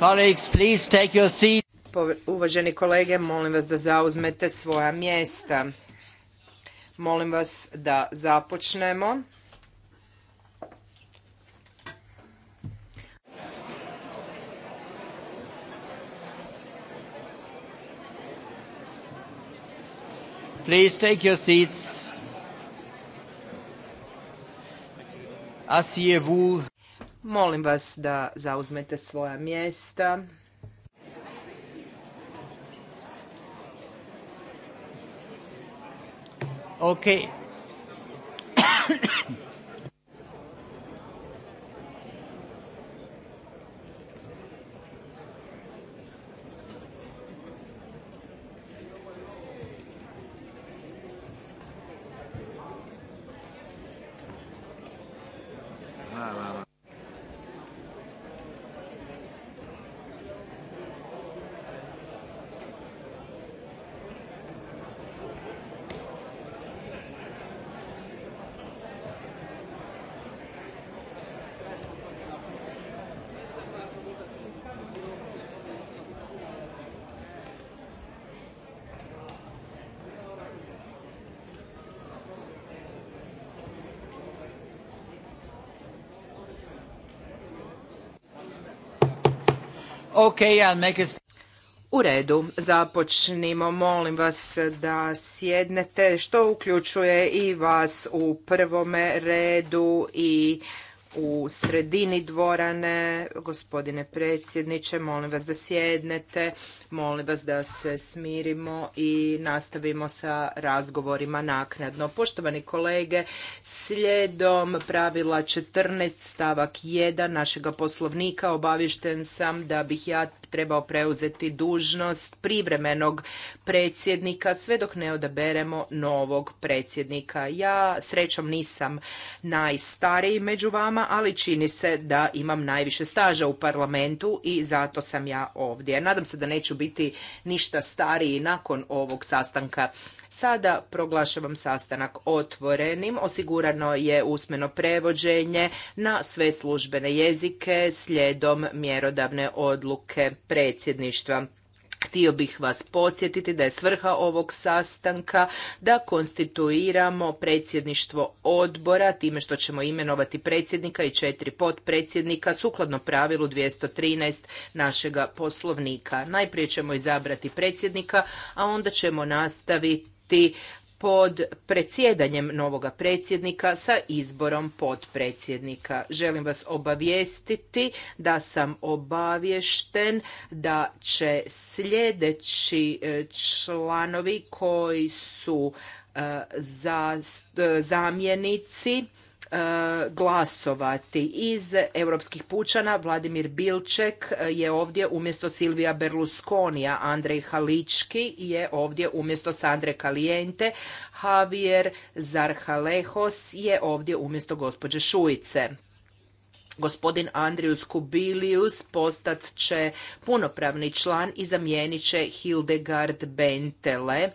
Colleagues, please take your seat. Uvaženi kolege, molim vas da zauzmete svoja mjesta. Molim vas da započnemo. Please take your seats. Asseyez-vous. Molim vas da zauzmete svoja mjesta. Ok. I'll U redu, započnimo, molim vas da sjednete, što uključuje i vas u prvome redu i u sredini dvorane. Gospodine predsjedniče, molim vas da sjednete, molim vas da se smirimo i nastavimo sa razgovorima naknadno. Poštovani kolege, slijedom pravila 14 stavak 1 našega poslovnika obavišten sam da bih ja trebao preuzeti dužnost privremenog predsjednika sve dok ne odaberemo novog predsjednika. Ja srećom nisam najstariji među vama, ali čini se da imam najviše staža u parlamentu i zato sam ja ovdje. Nadam se da neću biti ništa stariji nakon ovog sastanka Sada proglašavam sastanak otvorenim. Osigurano je usmeno prevođenje na sve službene jezike slijedom mjerodavne odluke predsjedništva. Htio bih vas podsjetiti da je svrha ovog sastanka da konstituiramo predsjedništvo odbora time što ćemo imenovati predsjednika i četiri potpredsjednika sukladno pravilu 213 našega poslovnika. Najprije ćemo izabrati predsjednika, a onda ćemo nastaviti pod predsjedanjem novoga predsjednika sa izborom potpredsjednika. Želim vas obavijestiti da sam obaviješten da će sljedeći e, članovi koji su e, e, zamjenici E, glasovati. Iz europskih pučana Vladimir Bilček je ovdje umjesto Silvija Berlusconija, Andrej Halički je ovdje umjesto Sandre Kalijente, Javier Zarhalehos je ovdje umjesto gospođe Šujice. Gospodin Andrius Kubilius postat će punopravni član i zamijenit će Hildegard Bentele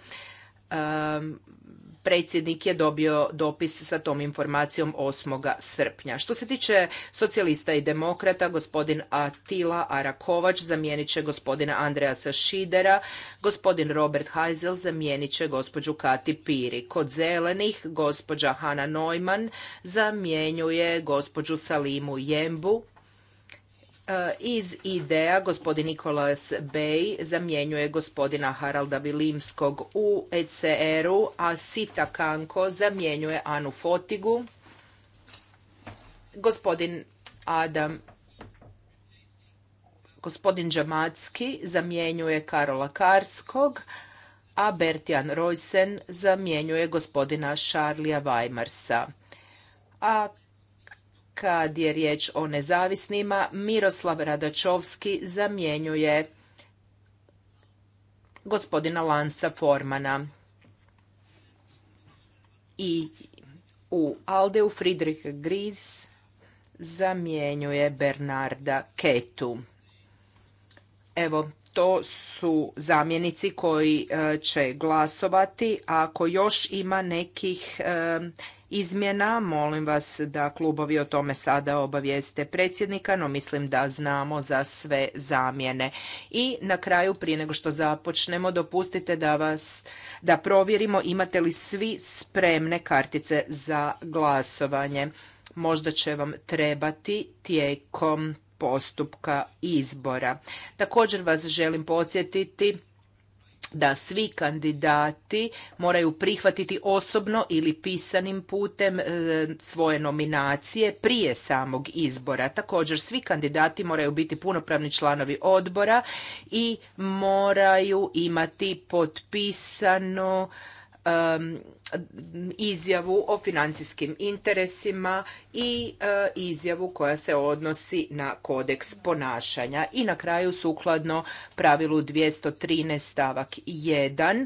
predsjednik je dobio dopis sa tom informacijom 8. srpnja. Što se tiče socijalista i demokrata, gospodin Atila Arakovač zamijenit će gospodina Andreasa Šidera, gospodin Robert Heisel zamijenit će gospođu Kati Piri. Kod zelenih gospođa Hanna Neumann zamjenjuje gospođu Salimu Jembu, E, iz IDEA gospodin Nikolas Bey zamjenjuje gospodina Haralda Vilimskog u ECR-u, a Sita Kanko zamjenjuje Anu Fotigu. Gospodin Adam gospodin Džamacki zamjenjuje Karola Karskog, a Bertjan Rojsen zamjenjuje gospodina Šarlija Vajmarsa. A kad je riječ o nezavisnima, Miroslav Radačovski zamjenjuje gospodina Lansa Formana. I u Aldeu Friedrich Gris zamjenjuje Bernarda Ketu. Evo, to su zamjenici koji e, će glasovati. Ako još ima nekih e, izmjena. Molim vas da klubovi o tome sada obavijeste predsjednika, no mislim da znamo za sve zamjene. I na kraju, prije nego što započnemo, dopustite da vas da provjerimo imate li svi spremne kartice za glasovanje. Možda će vam trebati tijekom postupka izbora. Također vas želim podsjetiti da svi kandidati moraju prihvatiti osobno ili pisanim putem e, svoje nominacije prije samog izbora. Također svi kandidati moraju biti punopravni članovi odbora i moraju imati potpisano izjavu o financijskim interesima i e, izjavu koja se odnosi na kodeks ponašanja. I na kraju sukladno pravilu 213 stavak 1 e,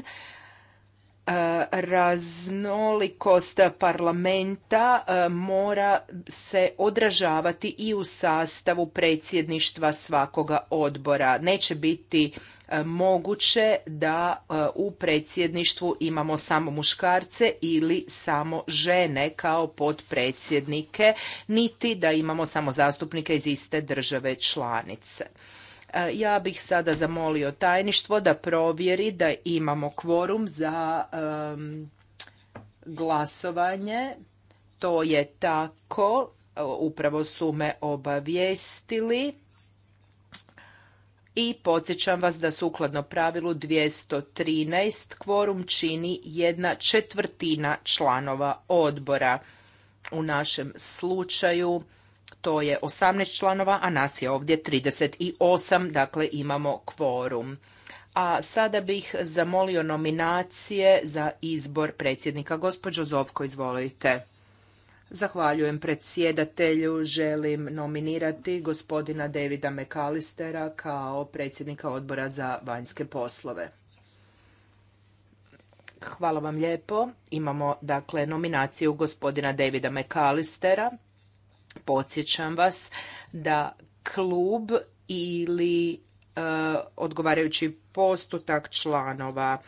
raznolikost parlamenta e, mora se odražavati i u sastavu predsjedništva svakoga odbora. Neće biti moguće da e, u predsjedništvu imamo samo muškarce ili samo žene kao potpredsjednike, niti da imamo samo zastupnike iz iste države članice. E, ja bih sada zamolio tajništvo da provjeri da imamo kvorum za glasovanje. To je tako, e, upravo su me obavijestili i podsjećam vas da sukladno pravilu 213 kvorum čini jedna četvrtina članova odbora. U našem slučaju to je 18 članova, a nas je ovdje 38, dakle imamo kvorum. A sada bih zamolio nominacije za izbor predsjednika. Gospođo Zovko, izvolite. Zahvaljujem predsjedatelju. Želim nominirati gospodina Davida McAllistera kao predsjednika odbora za vanjske poslove. Hvala vam lijepo. Imamo dakle nominaciju gospodina Davida McAllistera. Podsjećam vas da klub ili e, odgovarajući postotak članova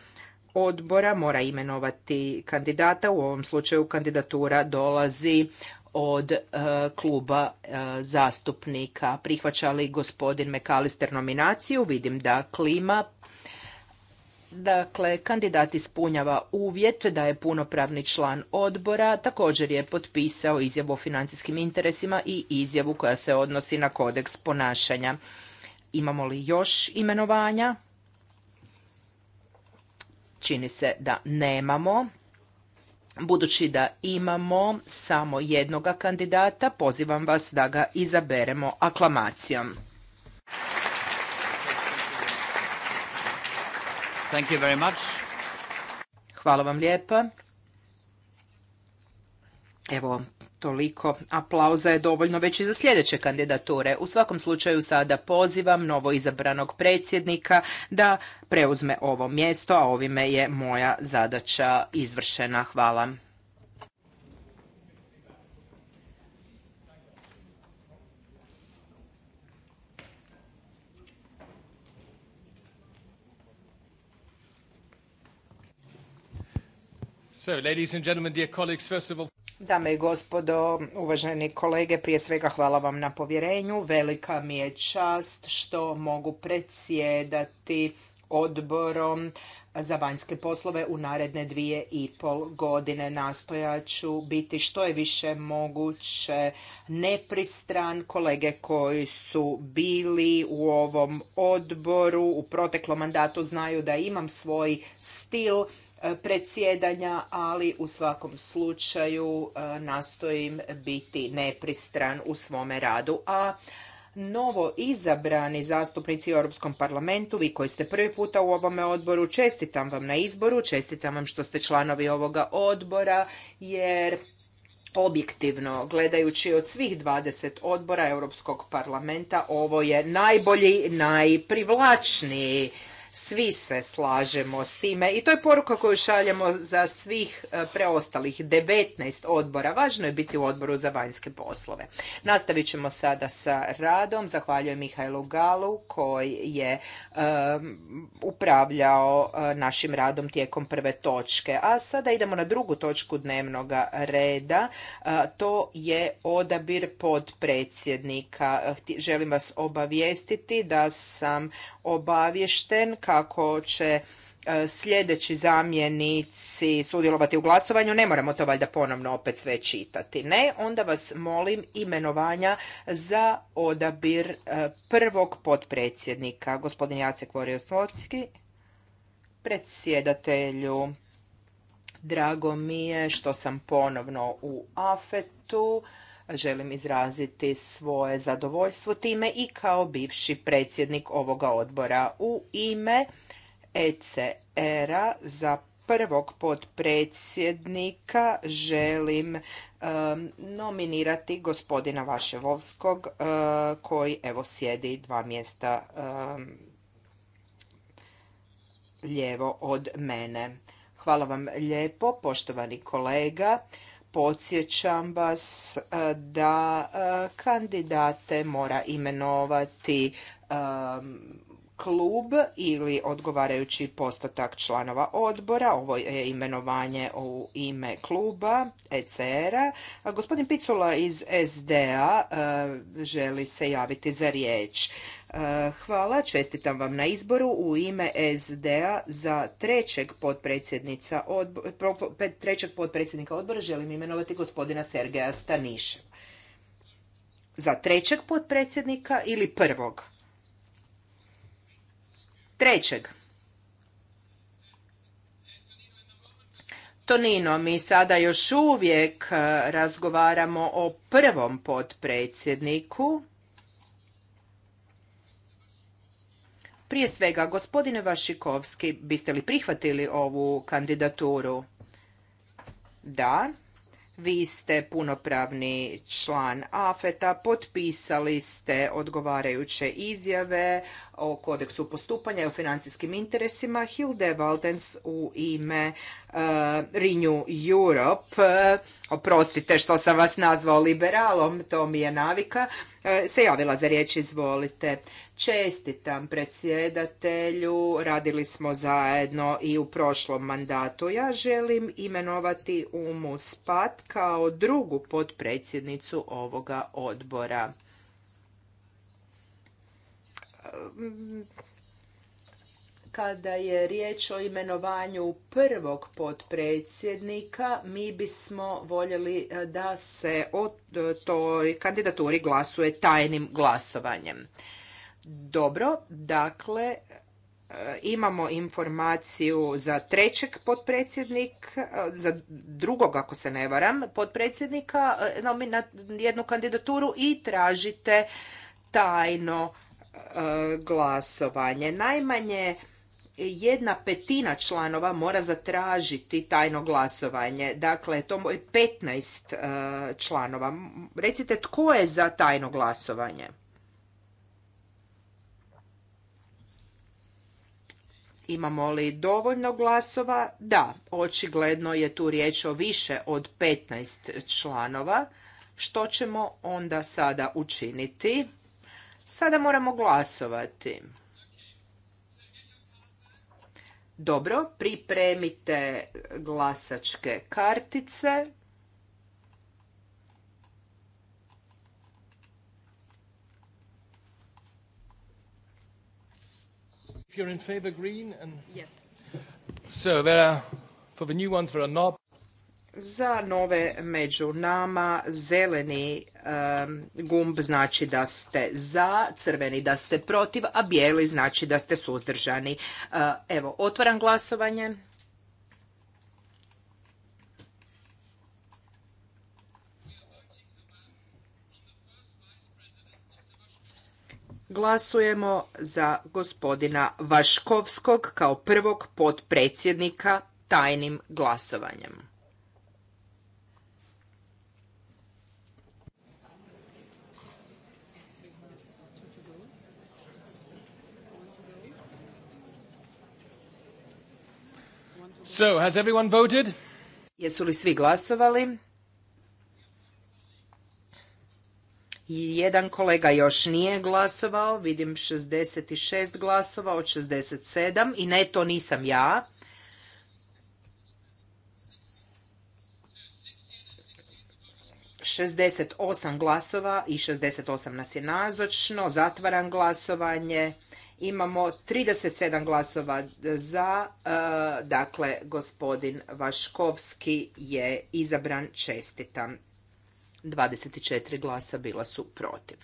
odbora mora imenovati kandidata, u ovom slučaju kandidatura dolazi od e, kluba e, zastupnika. Prihvaća li gospodin Mekalister nominaciju? Vidim da klima. Dakle, kandidat ispunjava uvjet da je punopravni član odbora, također je potpisao izjavu o financijskim interesima i izjavu koja se odnosi na kodeks ponašanja. Imamo li još imenovanja? čini se da nemamo. Budući da imamo samo jednoga kandidata, pozivam vas da ga izaberemo aklamacijom. Thank you very much. Hvala vam lijepa. Evo, toliko aplauza je dovoljno već i za sljedeće kandidature. U svakom slučaju sada pozivam novo izabranog predsjednika da preuzme ovo mjesto, a ovime je moja zadaća izvršena. Hvala. So, ladies and gentlemen, dear colleagues, first of all... Dame i gospodo, uvaženi kolege, prije svega hvala vam na povjerenju. Velika mi je čast što mogu predsjedati odborom za vanjske poslove u naredne dvije i pol godine. Nastojat ću biti što je više moguće nepristran. Kolege koji su bili u ovom odboru u proteklom mandatu znaju da imam svoj stil E, predsjedanja, ali u svakom slučaju e, nastojim biti nepristran u svome radu. A novo izabrani zastupnici u Europskom parlamentu, vi koji ste prvi puta u ovome odboru, čestitam vam na izboru, čestitam vam što ste članovi ovoga odbora, jer objektivno gledajući od svih 20 odbora Europskog parlamenta ovo je najbolji, najprivlačniji svi se slažemo s time i to je poruka koju šaljemo za svih e, preostalih 19 odbora. Važno je biti u odboru za vanjske poslove. Nastavit ćemo sada sa radom. Zahvaljujem Mihajlu Galu koji je e, upravljao e, našim radom tijekom prve točke. A sada idemo na drugu točku dnevnog reda. to je odabir podpredsjednika. Želim vas obavijestiti da sam obavješten kako će e, sljedeći zamjenici sudjelovati u glasovanju, ne moramo to valjda ponovno opet sve čitati. Ne, onda vas molim imenovanja za odabir e, prvog potpredsjednika, gospodin Jacek Voriosvotski, predsjedatelju. Drago mi je što sam ponovno u afetu želim izraziti svoje zadovoljstvo time i kao bivši predsjednik ovoga odbora u ime ECR-a za prvog potpredsjednika želim um, nominirati gospodina Vaševovskog uh, koji evo sjedi dva mjesta um, lijevo od mene. Hvala vam lijepo, poštovani kolega podsjećam vas e, da e, kandidate mora imenovati e, klub ili odgovarajući postotak članova odbora. Ovo je imenovanje u ime kluba ECR-a. Gospodin Picula iz SDA želi se javiti za riječ. Eh, hvala, čestitam vam na izboru u ime SD-a za trećeg potpredsjednika odbora, želim imenovati gospodina Sergeja Staniševa. Za trećeg potpredsjednika ili prvog? Trećeg. Tonino, mi sada još uvijek eh, razgovaramo o prvom potpredsjedniku Prije svega, gospodine Vašikovski, biste li prihvatili ovu kandidaturu? Da. Vi ste punopravni član AFETA, potpisali ste odgovarajuće izjave o kodeksu postupanja i o financijskim interesima. Hilde Valdens u ime uh, Renew Europe, oprostite što sam vas nazvao liberalom, to mi je navika, E, se javila za riječ, izvolite. Čestitam predsjedatelju, radili smo zajedno i u prošlom mandatu. Ja želim imenovati Umu Spat kao drugu potpredsjednicu ovoga odbora kada je riječ o imenovanju prvog potpredsjednika, mi bismo voljeli e, da se o toj kandidaturi glasuje tajnim glasovanjem. Dobro, dakle, e, imamo informaciju za trećeg potpredsjednika, e, za drugog ako se ne varam, potpredsjednika, na jednu kandidaturu i tražite tajno glasovanje. Najmanje jedna petina članova mora zatražiti tajno glasovanje. Dakle, to je 15 e, članova. Recite tko je za tajno glasovanje? Imamo li dovoljno glasova? Da, očigledno je tu riječ o više od 15 članova. Što ćemo onda sada učiniti? Sada moramo glasovati. Dobro, pripremite glasačke kartice. If you're in favor, green and yes. So there are for the new ones there are not. Za nove među nama zeleni gumb znači da ste za, crveni da ste protiv, a bijeli znači da ste suzdržani. Eh, evo, otvaram glasovanje. Glasujemo za gospodina Vaškovskog kao prvog potpredsjednika tajnim glasovanjem. So, has everyone voted? Jesu li svi glasovali? Jedan kolega još nije glasovao, vidim 66 glasova od 67 i ne, to nisam ja. Šestdeset osam glasova i šestdeset osam nas je nazočno. Zatvaram glasovanje. Imamo 37 glasova za, e, dakle gospodin Vaškovski je izabran čestitam. 24 glasa bila su protiv.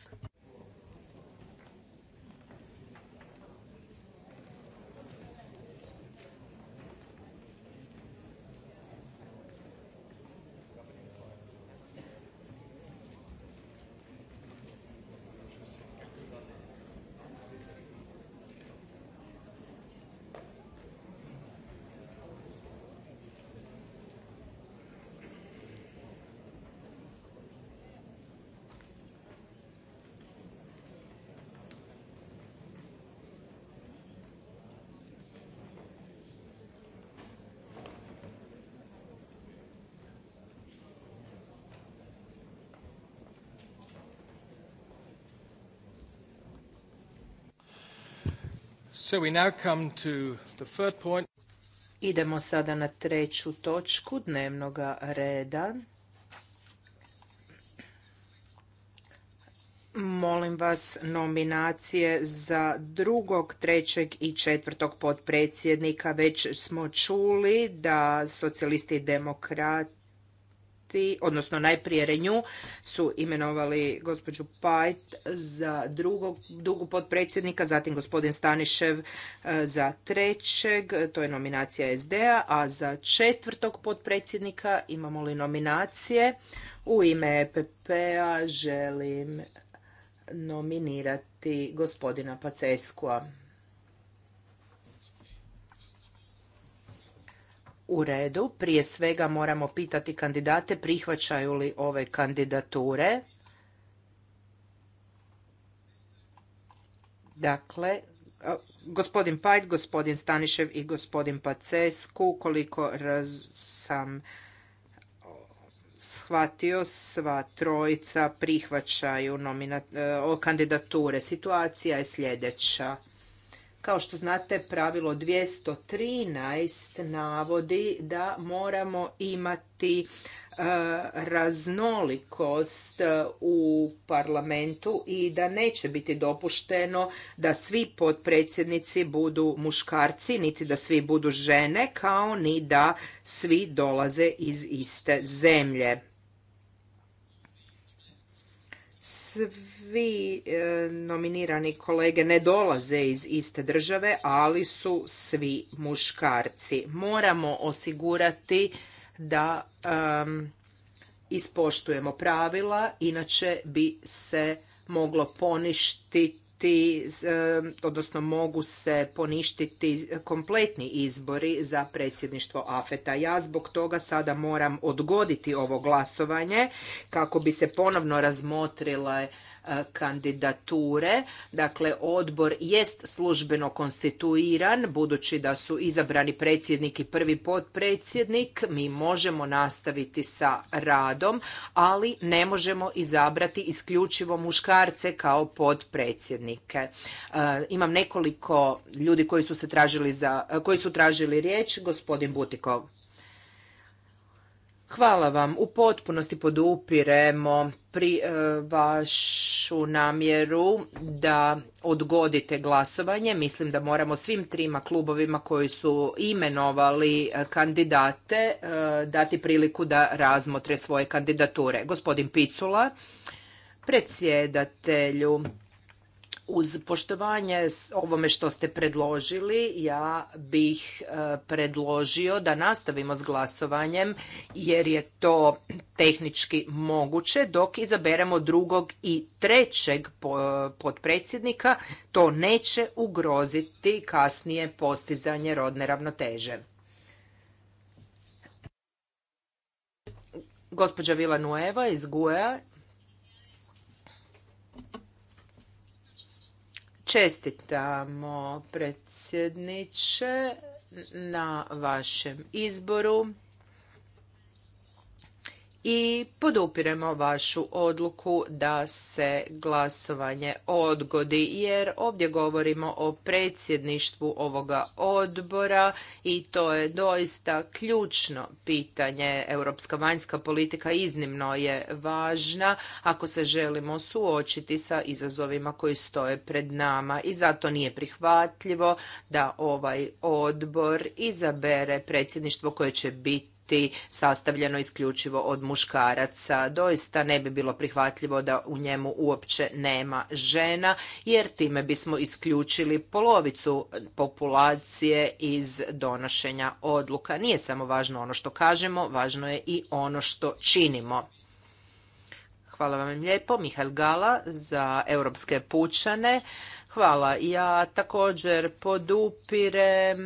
Idemo sada na treću točku dnevnog reda. Molim vas nominacije za drugog, trećeg i četvrtog potpredsjednika. Već smo čuli da socijalisti i demokrati odnosno najprije Renju su imenovali gospođu Pajt za drugog, dugu potpredsjednika, zatim gospodin Stanišev e, za trećeg, to je nominacija SD-a, a za četvrtog potpredsjednika imamo li nominacije? U ime EPP-a želim nominirati gospodina Paceskua. u redu. Prije svega moramo pitati kandidate prihvaćaju li ove kandidature. Dakle, gospodin Pajt, gospodin Stanišev i gospodin Pacesku, koliko raz sam shvatio, sva trojica prihvaćaju nomina, e, kandidature. Situacija je sljedeća. Kao što znate, pravilo 213 navodi da moramo imati e, raznolikost e, u parlamentu i da neće biti dopušteno da svi potpredsjednici budu muškarci, niti da svi budu žene, kao ni da svi dolaze iz iste zemlje. Svi e, nominirani kolege ne dolaze iz iste države, ali su svi muškarci. Moramo osigurati da ispoštujemo pravila, inače bi se moglo poništiti biti, e, odnosno mogu se poništiti kompletni izbori za predsjedništvo AFETA. Ja zbog toga sada moram odgoditi ovo glasovanje kako bi se ponovno razmotrile E, kandidature. Dakle, odbor jest službeno konstituiran, budući da su izabrani predsjednik i prvi potpredsjednik, mi možemo nastaviti sa radom, ali ne možemo izabrati isključivo muškarce kao potpredsjednike. E, imam nekoliko ljudi koji su se tražili za, e, koji su tražili riječ, gospodin Butikov. Hvala vam. U potpunosti podupiremo pri e, vašu namjeru da odgodite glasovanje. Mislim da moramo svim trima klubovima koji su imenovali e, kandidate e, dati priliku da razmotre svoje kandidature. Gospodin Picula, predsjedatelju uz poštovanje ovome što ste predložili, ja bih e, predložio da nastavimo s glasovanjem jer je to tehnički moguće dok izaberemo drugog i trećeg e, potpredsjednika. To neće ugroziti kasnije postizanje rodne ravnoteže. Gospođa nueva iz gue Čestitamo predsjedniče na vašem izboru i podupiremo vašu odluku da se glasovanje odgodi jer ovdje govorimo o predsjedništvu ovoga odbora i to je doista ključno pitanje. Europska vanjska politika iznimno je važna ako se želimo suočiti sa izazovima koji stoje pred nama i zato nije prihvatljivo da ovaj odbor izabere predsjedništvo koje će biti biti sastavljeno isključivo od muškaraca. Doista ne bi bilo prihvatljivo da u njemu uopće nema žena, jer time bismo isključili polovicu populacije iz donošenja odluka. Nije samo važno ono što kažemo, važno je i ono što činimo. Hvala vam lijepo. Mihael Gala za Europske pučane. Hvala. Ja također podupirem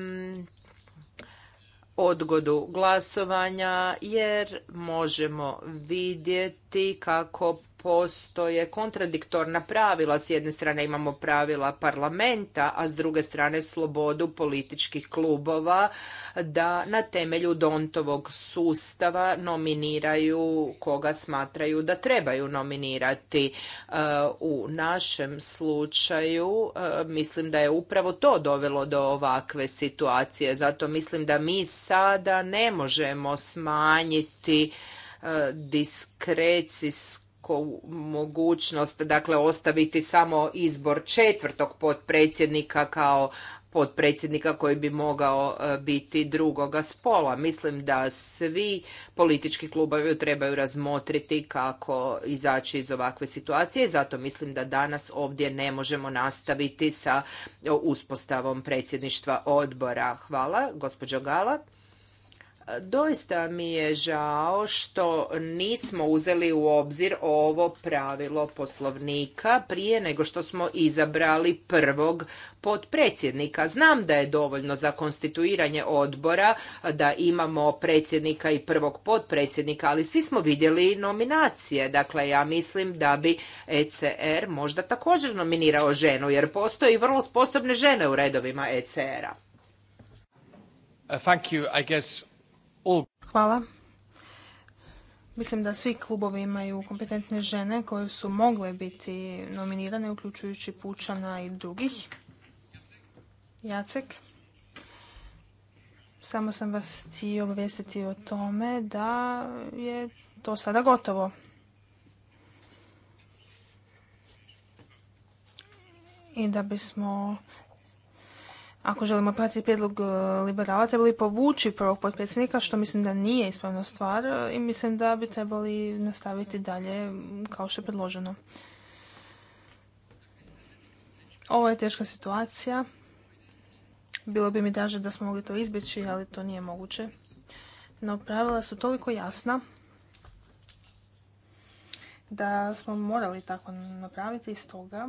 odgodu glasovanja jer možemo vidjeti kako postoje kontradiktorna pravila. S jedne strane imamo pravila parlamenta, a s druge strane slobodu političkih klubova da na temelju Dontovog sustava nominiraju koga smatraju da trebaju nominirati. E, u našem slučaju e, mislim da je upravo to dovelo do ovakve situacije. Zato mislim da mi sada ne možemo smanjiti e, diskrecijsku mogućnost dakle ostaviti samo izbor četvrtog potpredsjednika kao potpredsjednika koji bi mogao e, biti drugoga spola. Mislim da svi politički klubovi trebaju razmotriti kako izaći iz ovakve situacije. Zato mislim da danas ovdje ne možemo nastaviti sa e, uspostavom predsjedništva odbora. Hvala. Gospođo Gala. Doista mi je žao što nismo uzeli u obzir ovo pravilo poslovnika prije nego što smo izabrali prvog potpredsjednika. Znam da je dovoljno za konstituiranje odbora da imamo predsjednika i prvog potpredsjednika, ali svi smo vidjeli nominacije. Dakle, ja mislim da bi ECR možda također nominirao ženu, jer postoji vrlo sposobne žene u redovima ECR-a. Uh, Hvala. Mislim da svi klubovi imaju kompetentne žene koje su mogle biti nominirane, uključujući Pučana i drugih. Jacek. Samo sam vas htio obavijestiti o tome da je to sada gotovo. I da bismo ako želimo pratiti prijedlog e, liberala, trebali povući prvog potpredsjednika, što mislim da nije ispravna stvar e, i mislim da bi trebali nastaviti dalje kao što je predloženo. Ovo je teška situacija. Bilo bi mi daže da smo mogli to izbjeći, ali to nije moguće. No pravila su toliko jasna da smo morali tako napraviti i stoga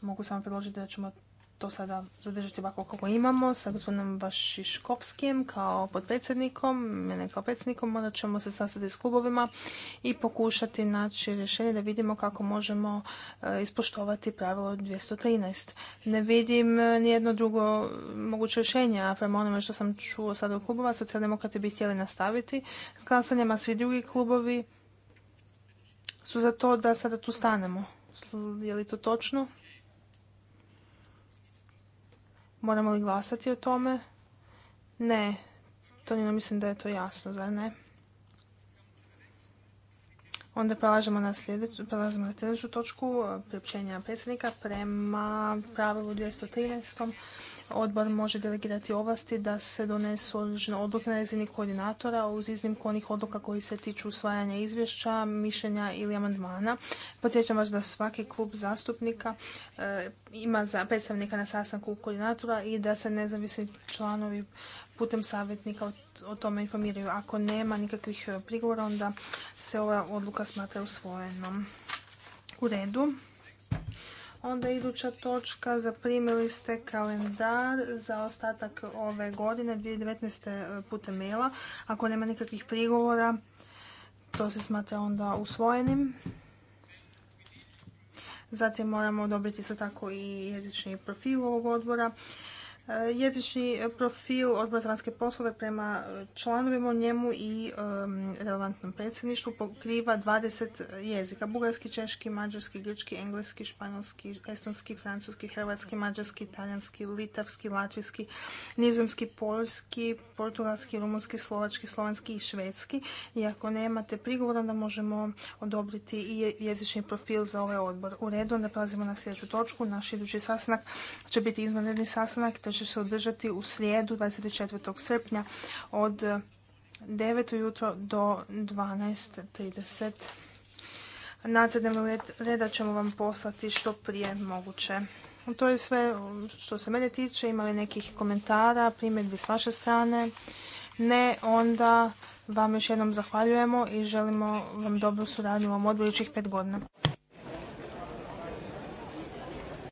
mogu samo predložiti da ćemo to sada zadržati ovako kako imamo sa gospodinom Vašiškovskim kao podpredsjednikom, mene kao predsjednikom, morat ćemo se sastati s klubovima i pokušati naći rješenje da vidimo kako možemo e, ispoštovati pravilo 213. Ne vidim e, nijedno drugo moguće rješenje, a prema onome što sam čuo sada u klubova, socijaldemokrati bi htjeli nastaviti s glasanjem, a svi drugi klubovi su za to da sada tu stanemo. Je li to točno? Moramo li glasati o tome? Ne. To ne mislim da je to jasno, zar ne? Onda prelažemo na sljedeću, prelazimo na sljedeću točku e, priopćenja predsjednika. Prema pravilu 213. odbor može delegirati ovlasti da se donesu određene odluke na razini koordinatora uz iznimku onih odluka koji se tiču usvajanja izvješća, mišljenja ili amandmana. Podsjećam vas da svaki klub zastupnika e, ima za predstavnika na sastanku koordinatora i da se nezavisni članovi putem savjetnika o tome informiraju. Ako nema nikakvih e, prigovora, onda se ova odluka smatra usvojenom. U redu. Onda iduća točka, zaprimili ste kalendar za ostatak ove godine, 2019. E, putem maila. Ako nema nikakvih prigovora, to se smatra onda usvojenim. Zatim moramo odobriti isto tako i jezični profil ovog odbora. E, jezični e, profil odbora za vanjske poslove prema e, članovima o njemu i relevantnom predsjedništvu pokriva 20 jezika. Bugarski, češki, mađarski, grčki, engleski, španjolski, estonski, francuski, hrvatski, mađarski, talijanski, litavski, latvijski, nizomski, poljski, portugalski, rumunski, slovački, slovenski i švedski. I ako nemate prigovora, onda možemo odobriti i jezični profil za ovaj odbor. U redu, onda prelazimo na sljedeću točku. Naš idući sastanak će biti izvanredni sastanak, te će se održati u srijedu 24. srpnja od 9. jutro do 12.30. Nacrt reda ćemo vam poslati što prije moguće. To je sve što se mene tiče. Imali nekih komentara, primjedbi s vaše strane? Ne, onda vam još jednom zahvaljujemo i želimo vam dobru suradnju u ovom 5 pet godina.